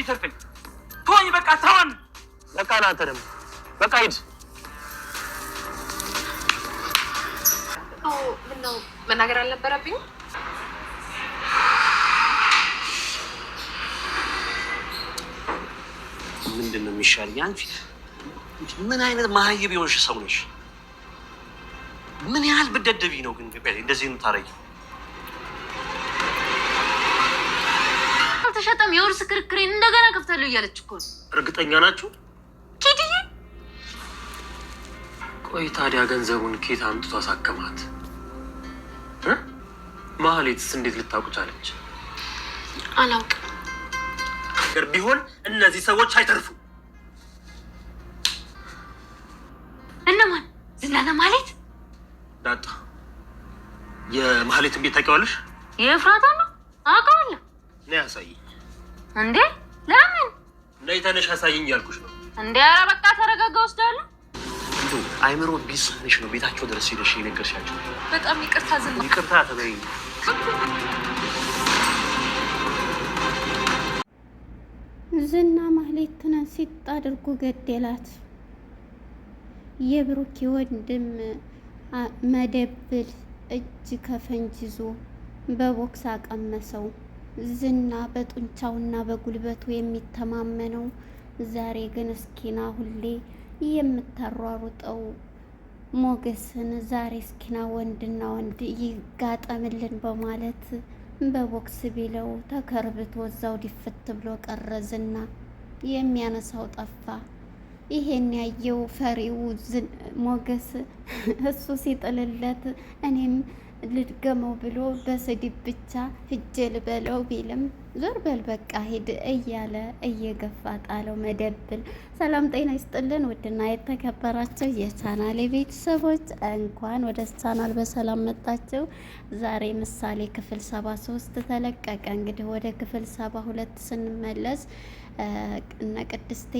የሚተርፈኝ። ተወኝ፣ በቃ ተወን። በቃ ና ደግሞ በቃ ሂድ። ምነው መናገር አልነበረብኝ? ምንድን ነው የሚሻል? አንቺ ምን አይነት መሀይብ የሆንሽ ሰው ነሽ? ምን ያህል ብደደቢ ነው ግን እንደዚህ የምታረጊው? አልሰማም። የውርስ ክርክሬ እንደገና ከፍታለሁ እያለች እኮ ነው። እርግጠኛ ናችሁ? ኪድዬ ቆይ ታዲያ ገንዘቡን ኬት አምጥቶ አሳከማት? ማህሌትስ እንዴት ልታውቅ ቻለች? አላውቅም። ነገር ቢሆን እነዚህ ሰዎች አይተርፉ። እነማን? ዝናና ማህሌት። ዳጣ የማህሌትን ቤት ታውቂዋለሽ? የፍራታ ነው አውቀዋለሁ። ነይ አሳይ እንዴ ለምን ነይ ተነሽ አሳይኝ ያልኩሽ ነው እንዴ ኧረ በቃ ተረጋጋ ወስዳለሁ አይምሮ ቢስ ነው ቤታቸው ድረስ ሄደሽ የነገርሻቸው በጣም ይቅርታ ዝም ይቅርታ ተበይኝ ዝና ማህሌትን ሲጥ አድርጎ ገደላት የብሩክ ወንድም መደብል እጅ ከፈንጅ ይዞ በቦክስ አቀመሰው ዝና በጡንቻውና በጉልበቱ የሚተማመነው ዛሬ ግን እስኪና ሁሌ የምታሯሩጠው ሞገስን ዛሬ እስኪና ወንድና ወንድ ይጋጠምልን በማለት በቦክስ ቢለው ተከርብቶ እዛው ዲፍት ብሎ ቀረ። ዝና የሚያነሳው ጠፋ። ይሄን ያየው ፈሪው ሞገስ እሱ ሲጥልለት እኔም ልድገመው ብሎ በስድብ ብቻ ሂጄ ልበለው ቢልም ዞር በል በቃ ሂድ እያለ እየገፋ ጣለው መደብል። ሰላም ጤና ይስጥልን ውድና የተከበራቸው የቻናል ቤተሰቦች እንኳን ወደ ቻናል በሰላም መጣቸው። ዛሬ ምሳሌ ክፍል ሰባ ሶስት ተለቀቀ። እንግዲህ ወደ ክፍል ሰባ ሁለት ስንመለስ እነ ቅድስቴ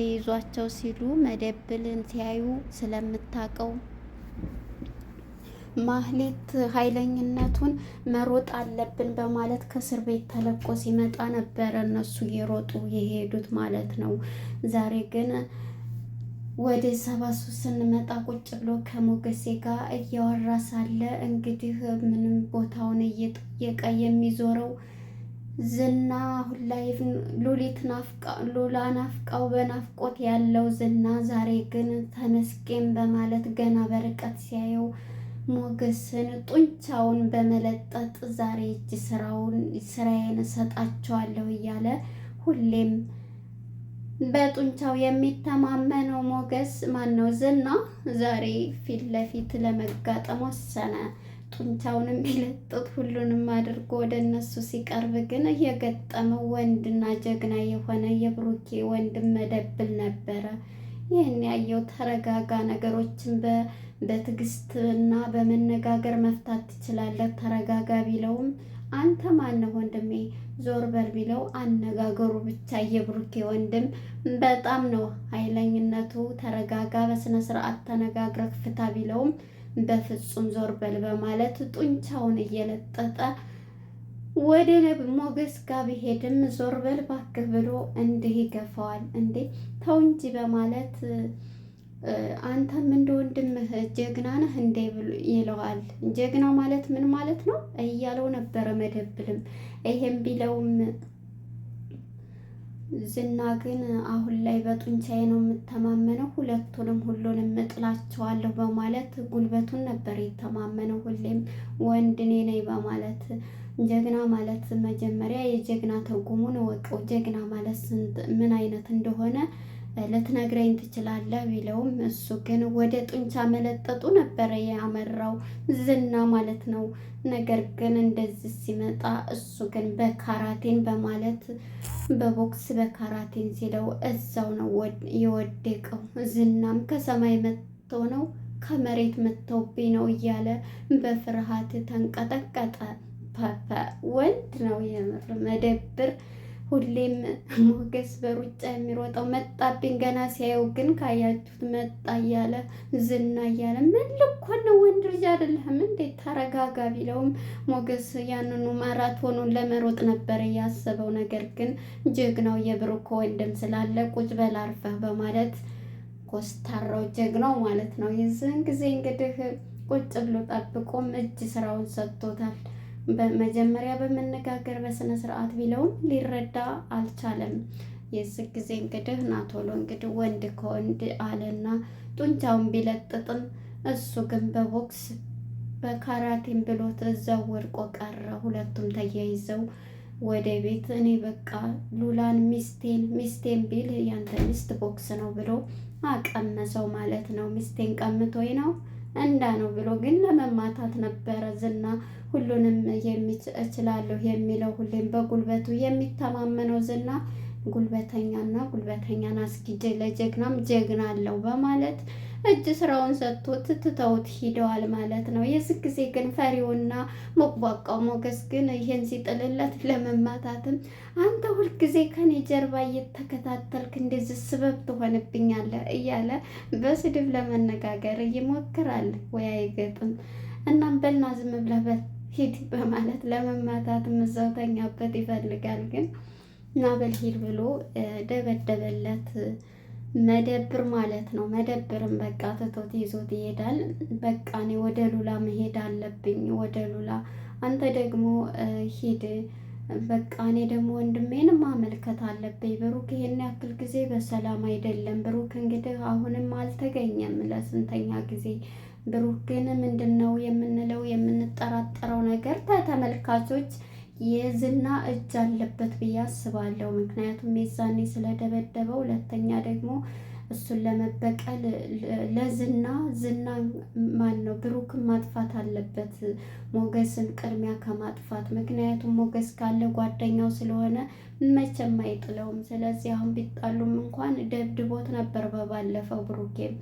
ሊይዟቸው ሲሉ መደብልን ሲያዩ ስለምታውቀው ማህሌት ኃይለኝነቱን መሮጥ አለብን በማለት ከእስር ቤት ተለቆ ሲመጣ ነበረ እነሱ የሮጡ የሄዱት ማለት ነው። ዛሬ ግን ወደ ሰባ ሶስት ስንመጣ ቁጭ ብሎ ከሞገሴ ጋር እያወራ ሳለ እንግዲህ ምንም ቦታውን እየጠየቀ የሚዞረው ዝና አሁን ላይ ሉሊት ናፍቃ ሉላ ናፍቃው በናፍቆት ያለው ዝና ዛሬ ግን ተመስገን በማለት ገና በርቀት ሲያየው ሞገስን ጡንቻውን በመለጠጥ ዛሬ እጅ ስራውን ስራዬን እሰጣቸዋለሁ እያለ ሁሌም በጡንቻው የሚተማመነው ሞገስ ነው? ዝና ዛሬ ፊት ለፊት ለመጋጠም ወሰነ። ጡንቻውንም ቢለጥጥ ሁሉንም አድርጎ ወደ እነሱ ሲቀርብ ግን የገጠመው ወንድና ጀግና የሆነ የብሩኬ ወንድም መደብል ነበረ። ይህን ያየው ተረጋጋ፣ ነገሮችን በትግስትና በመነጋገር መፍታት ትችላለህ፣ ተረጋጋ ቢለውም አንተ ማነህ ወንድሜ ዞር በል ቢለው አነጋገሩ ብቻ የብሩኬ ወንድም በጣም ነው ኃይለኝነቱ። ተረጋጋ፣ በስነ ስርዓት ተነጋግረህ ፍታ ቢለውም በፍጹም ዞር በል በማለት ጡንቻውን እየለጠጠ ወደ ሞገስ ጋር ቢሄድም ዞር በል እባክህ ብሎ እንዲህ ይገፋዋል። እንዴ ተው እንጂ በማለት አንተም እንደ ወንድምህ ጀግና ነህ እንዴ ይለዋል። ጀግና ማለት ምን ማለት ነው እያለው ነበረ መደብልም። ይሄም ቢለውም ዝና ግን አሁን ላይ በጡንቻዬ ነው የምተማመነው፣ ሁለቱንም ሁሉንም እጥላቸዋለሁ በማለት ጉልበቱን ነበር የተማመነው። ሁሌም ወንድ እኔ ነኝ በማለት ጀግና ማለት መጀመሪያ የጀግና ትርጉሙን እወቀው። ጀግና ማለት ምን አይነት እንደሆነ ልትነግረኝ ትችላለህ ቢለውም እሱ ግን ወደ ጡንቻ መለጠጡ ነበረ ያመራው ዝና ማለት ነው። ነገር ግን እንደዚህ ሲመጣ እሱ ግን በካራቴን በማለት በቦክስ በካራቴን ሲለው እዛው ነው የወደቀው። ዝናም ከሰማይ መጥቶ ነው ከመሬት መጥተውብኝ ነው እያለ በፍርሃት ተንቀጠቀጠ። ፓፓ ወንድ ነው የምር መደብር። ሁሌም ሞገስ በሩጫ የሚሮጠው መጣብኝ። ገና ሲያየው ግን ካያችሁት መጣ እያለ ዝና እያለ ምን ልኮ ነው ወንድ ልጅ አይደለህም እንዴት ተረጋጋ ቢለውም ሞገስ ያንኑ ማራቶኑን ለመሮጥ ነበር ያሰበው። ነገር ግን ጀግናው የብሩክ ወንድም ስላለ ቁጭ በል አርፈህ በማለት ኮስታራው ጀግናው ማለት ነው። የዚህን ጊዜ እንግዲህ ቁጭ ብሎ ጠብቆም እጅ ስራውን ሰጥቶታል። በመጀመሪያ በመነጋገር በስነ ስርዓት ቢለውም ሊረዳ አልቻለም። የዚህ ጊዜ እንግዲህ ናቶሎ እንግዲህ ወንድ ከወንድ አለና ጡንቻውን ቢለጥጥም እሱ ግን በቦክስ በካራቴን ብሎት እዛው ወድቆ ቀረ። ሁለቱም ተያይዘው ወደ ቤት እኔ በቃ ሉላን ሚስቴን ሚስቴን ቢል ያንተ ሚስት ቦክስ ነው ብሎ አቀመሰው ማለት ነው። ሚስቴን ቀምቶኝ ነው እንዳ ነው ብሎ ግን ለመማታት ነበረ ዝና ሁሉንም እችላለሁ የሚለው ሁሌም በጉልበቱ የሚተማመነው ዝና ጉልበተኛና ጉልበተኛን አስጊጄ ለጀግናም ጀግና አለው በማለት እጅ ስራውን ሰጥቶት ትተውት ሂደዋል ማለት ነው። የዚህ ጊዜ ግን ፈሪውና ሞቅቧቃው ሞገስ ግን ይህን ሲጥልለት ለመማታትም አንተ ሁልጊዜ ከኔ ጀርባ እየተከታተልክ እንደዚህ ስበብ ትሆንብኛለህ እያለ በስድብ ለመነጋገር ይሞክራል። ወይ አይገጥም። እናም በልና ዝም ብለህ ሂድ በማለት ለመማታትም እዛው ተኛበት ይፈልጋል። ግን ናበል ሂድ ብሎ ደበደበለት። መደብር ማለት ነው። መደብርም በቃ ትቶት ይዞት ይሄዳል። በቃ እኔ ወደ ሉላ መሄድ አለብኝ፣ ወደ ሉላ አንተ ደግሞ ሂድ በቃ እኔ ደግሞ ወንድሜን ማመልከት አለብኝ። ብሩክ ይሄን ያክል ጊዜ በሰላም አይደለም። ብሩክ እንግዲህ አሁንም አልተገኘም ለስንተኛ ጊዜ። ብሩክ ግን ምንድን ነው የምንለው የምንጠራጠረው ነገር ተተመልካቾች የዝና እጅ አለበት ብዬ አስባለሁ። ምክንያቱም የዛኔ ስለደበደበው፣ ሁለተኛ ደግሞ እሱን ለመበቀል ለዝና ዝና ማን ነው ብሩክን ማጥፋት አለበት ሞገስን ቅድሚያ ከማጥፋት ምክንያቱም ሞገስ ካለ ጓደኛው ስለሆነ መቼም አይጥለውም። ስለዚህ አሁን ቢጣሉም እንኳን ደብድቦት ነበር በባለፈው ብሩኬም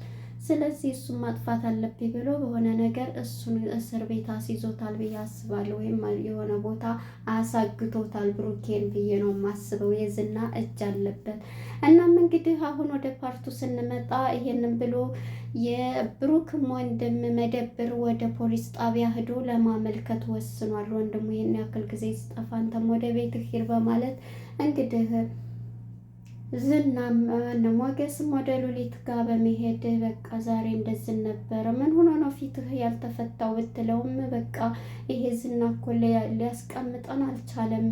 ስለዚህ እሱን ማጥፋት አለብኝ ብሎ በሆነ ነገር እሱን እስር ቤት አስይዞታል ብዬ አስባለሁ። ወይም የሆነ ቦታ አሳግቶታል ብሩኬን ብዬ ነው የማስበው። የዝና እጅ አለበት። እናም እንግዲህ አሁን ወደ ፓርቱ ስንመጣ ይሄንን ብሎ የብሩክም ወንድም መደብር ወደ ፖሊስ ጣቢያ ሂዶ ለማመልከት ወስኗል። ወንድሙ ይህን ያክል ጊዜ ስጠፋ አንተም ወደ ቤት ሂድ በማለት እንግዲህ ዝናም ሞገስም ወደ ሉሊት ጋር በመሄድ በቃ ዛሬ እንደዚህ ነበረ፣ ምን ሆኖ ነው ፊትህ ያልተፈታው? ብትለውም በቃ ይሄ ዝና እኮ ሊያስቀምጠን አልቻለም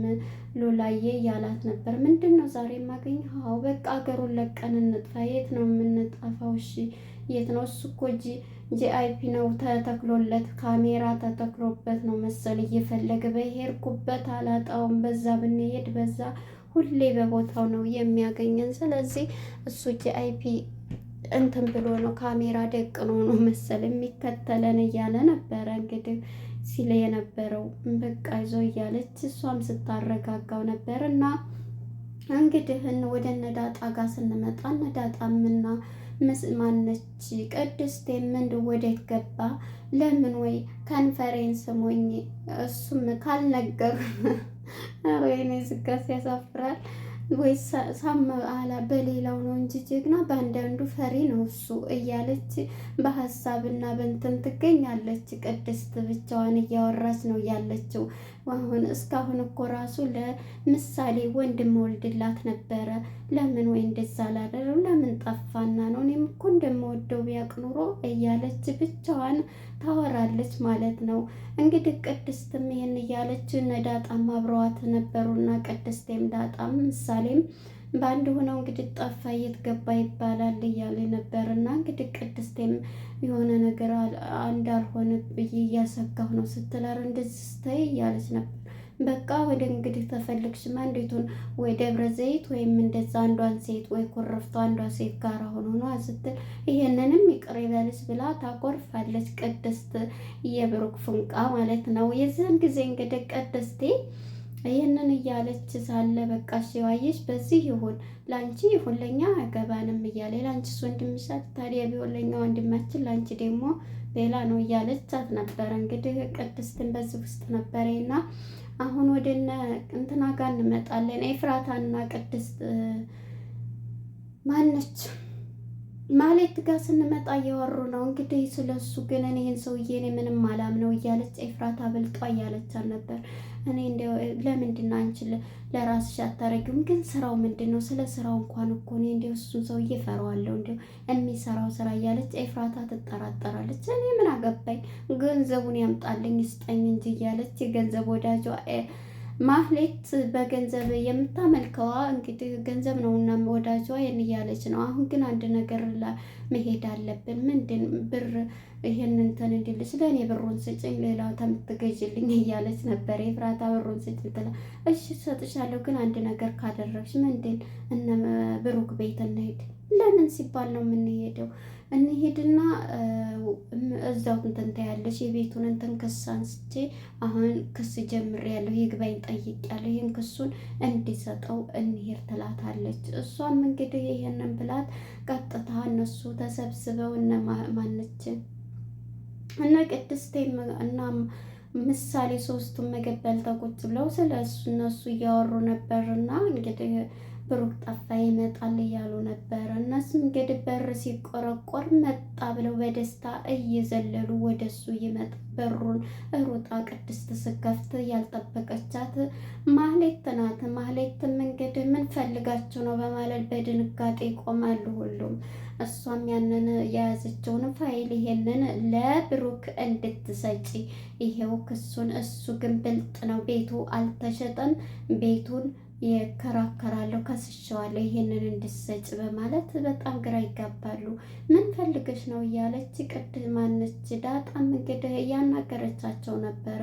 ሉላዬ እያላት ነበር። ምንድን ነው ዛሬ የማገኘኸው? በቃ አገሩን ለቀን እንጥፋ። የት ነው የምንጠፋው? እሺ የት ነው? እሱ እኮ ጂ ጂአይፒ ነው ተተክሎለት ካሜራ ተተክሎበት ነው መሰል እየፈለገ በሄድኩበት አላጣውም። በዛ ብንሄድ በዛ ሁሌ በቦታው ነው የሚያገኘን። ስለዚህ እሱ ጂአይፒ እንትን ብሎ ነው ካሜራ ደቅኖ ነው መሰል የሚከተለን እያለ ነበረ እንግዲህ ሲል የነበረው በቃ ይዞ እያለች እሷም ስታረጋጋው ነበር እና እንግዲህን ወደ ነዳጣ ጋር ስንመጣ ነዳጣምና ምስማነች ቅድስቴም ምንድ ወዴት ገባ ለምን ወይ ኮንፈሬንስ ሞኝ እሱም ካልነገሩ ወይኔ ዝጋት ያሳፍራል። ወይ ሳም አላ በሌላው ነው እንጂ ጀግና በአንዳንዱ ፈሪ ነው እሱ እያለች በሀሳብና በእንትን ትገኛለች። ቅድስት ብቻዋን እያወራች ነው ያለችው። አሁን እስካሁን እኮ ራሱ ለምሳሌ ወንድም ወልድላት ነበረ። ለምን ወይ እንደዛ አላደረም? ለምን ጠፋና ነው? እኔም እኮ እንደምወደው ቢያቅ ኑሮ እያለች ብቻዋን ታወራለች ማለት ነው። እንግዲህ ቅድስትም ይህን እያለች እነ ዳጣም አብረዋት ነበሩና ቅድስቴም ዳጣም ምሳሌም በአንድ ሆነው እንግዲህ ጠፋ የት ገባ ይባላል እያለ ነበር። እና እንግዲህ ቅድስቴም የሆነ ነገር አንድ አልሆነ ብዬ እያሰጋሁ ነው ስትላር እንደዚህ ስተይ እያለች ነበር። በቃ ወደ እንግዲህ ተፈልግሽማ እንዴቱን ወይ ደብረ ዘይት ወይም እንደዛ አንዷን ሴት ወይ ኮረፍቶ አንዷ ሴት ጋር ሆኖ ነዋ ስትል ይሄንንም ይቅር ይበልሽ ብላ ታቆርፋለች። ቅድስት የብሩክ ፍንቃ ማለት ነው። የዚህን ጊዜ እንግዲህ ቅድስቴ ይህንን እያለች ሳለ በቃ ሲዋየሽ በዚህ ይሁን ላንቺ ይሁን ለኛ አገባንም እያለ ላንቺ እሱ እንድምሻት ታዲያ ቢሆን ለኛ ወንድማችን ላንቺ ደግሞ ሌላ ነው እያለቻት ነበረ። እንግዲህ ቅድስትን በዚህ ውስጥ ነበረ እና አሁን ወደነ እንትና ጋር እንመጣለን። ኤፍራታና ቅድስት ማነች ማለት ጋር ስንመጣ እያወሩ ነው እንግዲህ ስለሱ ግን እኔህን ይህን ሰውዬ እኔ ምንም አላምነው እያለች ኤፍራታ ብልጧ እያለቻት ነበር። እኔ እንደ ለምንድን ነው አንቺ ለራስሽ አታረጊውም? ግን ስራው ምንድን ነው? ስለ ስራው እንኳን እኮ እኔ እንደው እሱን ሰውዬ እፈራዋለሁ፣ እንደው የሚሰራው ስራ እያለች ኤፍራታ ትጠራጠራለች። እኔ ምን አገባኝ? ገንዘቡን ያምጣልኝ ይስጠኝ እንጂ እያለች የገንዘብ ወዳጇ ማህሌት በገንዘብ የምታመልከዋ እንግዲህ ገንዘብ ነውና ወዳጇ ያን እያለች ነው። አሁን ግን አንድ ነገር መሄድ አለብን። ምንድን ብር ይሄን እንትን እንዲልሽ ለእኔ ብሩን ስጭኝ፣ ሌላ ተምትገዥልኝ እያለች ነበር። የፍራታ ብሩን ስጭ ትላ፣ እሺ ሰጥሻለሁ፣ ግን አንድ ነገር ካደረግሽ። ምንድን እነ ብሩክ ቤት እንሄድ። ለምን ሲባል ነው የምንሄደው? እንሄድና እዛው እንትን ታያለሽ። የቤቱን እንትን ክስ አንስቼ አሁን ክስ ጀምሬያለሁ፣ ይግባኝ ጠይቄያለሁ። ይህን ክሱን እንዲሰጠው እንሄድ ትላታለች። እሷም እንግዲህ ይህንን ብላት ቀጥታ እነሱ ተሰብስበው እነ ማነች እነ እና ምሳሌ ሶስቱን ምግብ በልተው ቁጭ ብለው ስለ እሱ እነሱ እያወሩ ነበርና እንግዲህ ብሩክ ጠፋ ይመጣል እያሉ ነበረ። እነሱም እንግዲህ በር ሲቆረቆር መጣ ብለው በደስታ እየዘለሉ ወደሱ ይመጣ በሩን ሩጣ ቅድስት ስከፍት ያልጠበቀቻት ማህሌት ናት። ማህሌትም እንግዲህ ምን ፈልጋችሁ ነው በማለት በድንጋጤ ይቆማሉ ሁሉም። እሷም ያንን የያዘችውን ፋይል ይሄንን ለብሩክ እንድትሰጪ ይሄው ክሱን፣ እሱ ግን ብልጥ ነው፣ ቤቱ አልተሸጠም ቤቱን ይከራከራለሁ፣ ከስሸዋለሁ ይሄንን እንድሰጭ በማለት በጣም ግራ ይጋባሉ። ምን ፈልገሽ ነው እያለች ቅድም ማነች ዳጣም እንግዲህ እያናገረቻቸው ነበረ።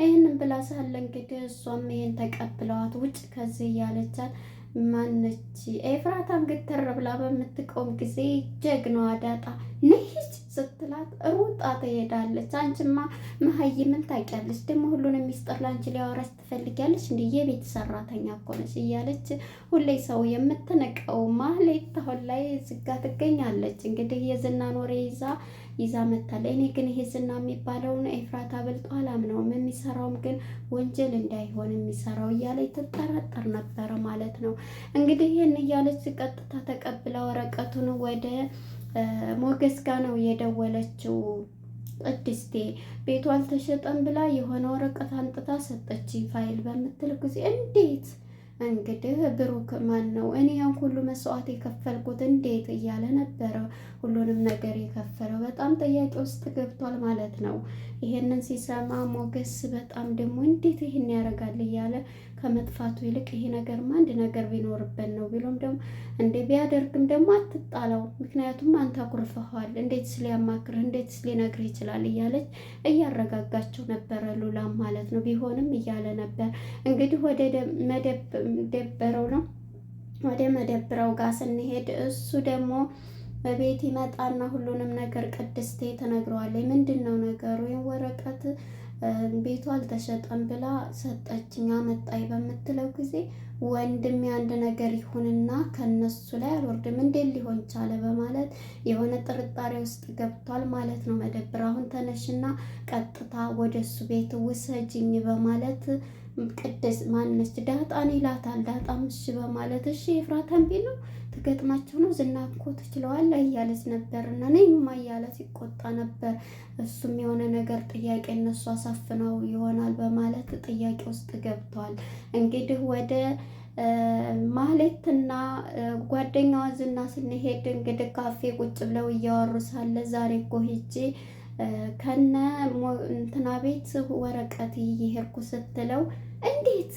ይህንን ብላ ሳለ እንግዲህ እሷም ይሄን ተቀብለዋት ውጭ ከዚህ እያለቻት ማነች ኤፍራታም ግትር ብላ በምትቆም ጊዜ ጀግናዋ ዳጣ ነች ስትላት ሩጣ ትሄዳለች። አንቺማ ምን ታውቂያለች፣ ደግሞ ሁሉንም የሚስጥር ላንቺ ሊያወራሽ ትፈልጊያለች፣ እንዲህ የቤት ሰራተኛ እኮ ነች እያለች ሁሌ ሰው የምትነቀው ማህሌት አሁን ላይ ዝጋ ትገኛለች። እንግዲህ የዝናን ወሬ ይዛ ይዛ መታለች። እኔ ግን ይሄ ዝና የሚባለውን ኤፍራታ በልጦ አላምነውም፣ የሚሰራውም ግን ወንጀል እንዳይሆን የሚሰራው እያለች ትጠራጠር ነበረ ማለት ነው። እንግዲህ ይህን እያለች ቀጥታ ተቀብላ ወረቀቱን ወደ ሞገስ ጋ ነው የደወለችው። ቅድስቴ ቤቱ አልተሸጠም ብላ የሆነ ወረቀት አንጥታ ሰጠች ፋይል በምትል ጊዜ እንዴት እንግዲህ ብሩክ ማን ነው እኔ ያን ሁሉ መስዋዕት የከፈልኩት እንዴት እያለ ነበረ ሁሉንም ነገር የከፈለው። በጣም ጥያቄ ውስጥ ገብቷል ማለት ነው። ይሄንን ሲሰማ ሞገስ በጣም ደግሞ እንዴት ይህን ያደርጋል እያለ ከመጥፋቱ ይልቅ ይሄ ነገርማ አንድ ነገር ቢኖርበት ነው ቢሎም ደግሞ እንዴ ቢያደርግም ደግሞ አትጣላው፣ ምክንያቱም አንተ አኩርፈኸዋል፣ እንዴትስ ሊያማክርህ እንዴትስ ሊነግርህ ይችላል እያለች እያረጋጋቸው ነበረ። ሉላም ማለት ነው ቢሆንም እያለ ነበር እንግዲህ ወደ መደበረው ነው ወደ መደብረው ጋር ስንሄድ እሱ ደግሞ በቤት ይመጣና ሁሉንም ነገር ቅድስቴ ተነግረዋለች። ምንድን ነው ነገሩ? ይህን ወረቀት ቤቷ አልተሸጠም ብላ ሰጠችኝ አመጣኝ በምትለው ጊዜ ወንድም ያንድ ነገር ይሁንና ከነሱ ላይ አልወርድም እንዴት ሊሆን ቻለ በማለት የሆነ ጥርጣሬ ውስጥ ገብቷል ማለት ነው። መደብር አሁን ተነሽና ቀጥታ ወደ እሱ ቤት ውሰጅኝ በማለት ቅድስ ማንነች ዳጣን ይላታል። ዳጣም እሺ በማለት እሺ ኤፍራታን ቢል ነው ትገጥማቸው ነው ዝና እኮ ትችለዋለህ እያለች ነበር እና ነይማ እያለ ሲቆጣ ነበር። እሱም የሆነ ነገር ጥያቄ እነሱ አሳፍነው ይሆናል በማለት ጥያቄ ውስጥ ገብቷል። እንግዲህ ወደ ማህሌትና ጓደኛዋ ዝና ስንሄድ እንግዲህ ካፌ ቁጭ ብለው እያወሩ ሳለ ዛሬ እኮ ሂጄ ከነ እንትና ቤት ወረቀት እየሄድኩ ስትለው እንዴት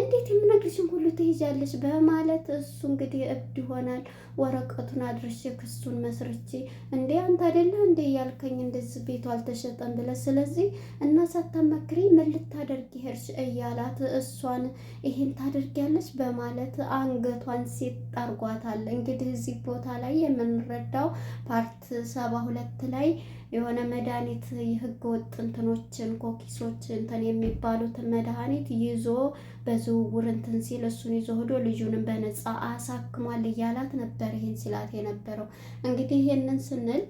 እንዴት የምነግርሽን ሁሉ ትሄጃለሽ በማለት እሱ እንግዲህ እብድ ይሆናል። ወረቀቱን አድርሼ ክሱን መስርቼ እንዴ አንተ አይደለ እንዴ ያልከኝ እንደዚህ ቤቱ አልተሸጠም ብለ ስለዚህ እና ሳታመክሪ ምን ልታደርግ ሄድሽ እያላት እሷን ይሄን ታደርጊያለሽ በማለት አንገቷን ሴት አድርጓታል። እንግዲህ እዚህ ቦታ ላይ የምንረዳው ፓርት ሰባ ሁለት ላይ የሆነ መድኃኒት የህገ ወጥ እንትኖችን ኮኪሶች እንትን የሚባሉትን መድኃኒት ይዞ በዝውውር እንትን ሲል እሱን ይዞ ሄዶ ልጁንም በነፃ አሳክሟል እያላት ነበር። ይህን ሲላት የነበረው እንግዲህ ይህንን ስንል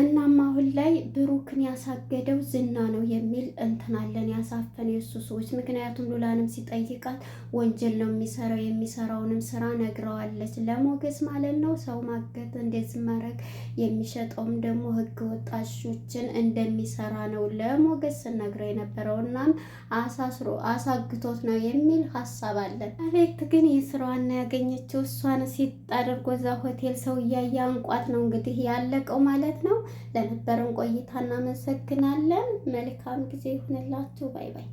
እናም አሁን ላይ ብሩክን ያሳገደው ዝና ነው የሚል እንትናለን ያሳፈን የእሱ ሰዎች። ምክንያቱም ሉላንም ሲጠይቃት ወንጀል ነው የሚሰራው የሚሰራውንም ስራ ነግረዋለች ለሞገስ ማለት ነው። ሰው ማገት እንደዚህ ማድረግ የሚሸጠውም ደግሞ ህገ ወጣሾችን እንደሚሰራ ነው ለሞገስ ስነግረው የነበረው። እናም አሳስሮ አሳግቶት ነው የሚል ሀሳብ አለን። አቤት ግን የስራዋና ያገኘችው እሷን ሲጥ እዛ ሆቴል ሰው እያየ አንቋት ነው እንግዲህ ያለቀው ማለት ነው። ለነበረን ቆይታ እናመሰግናለን። መልካም ጊዜ ይሁንላችሁ። ባይ ባይ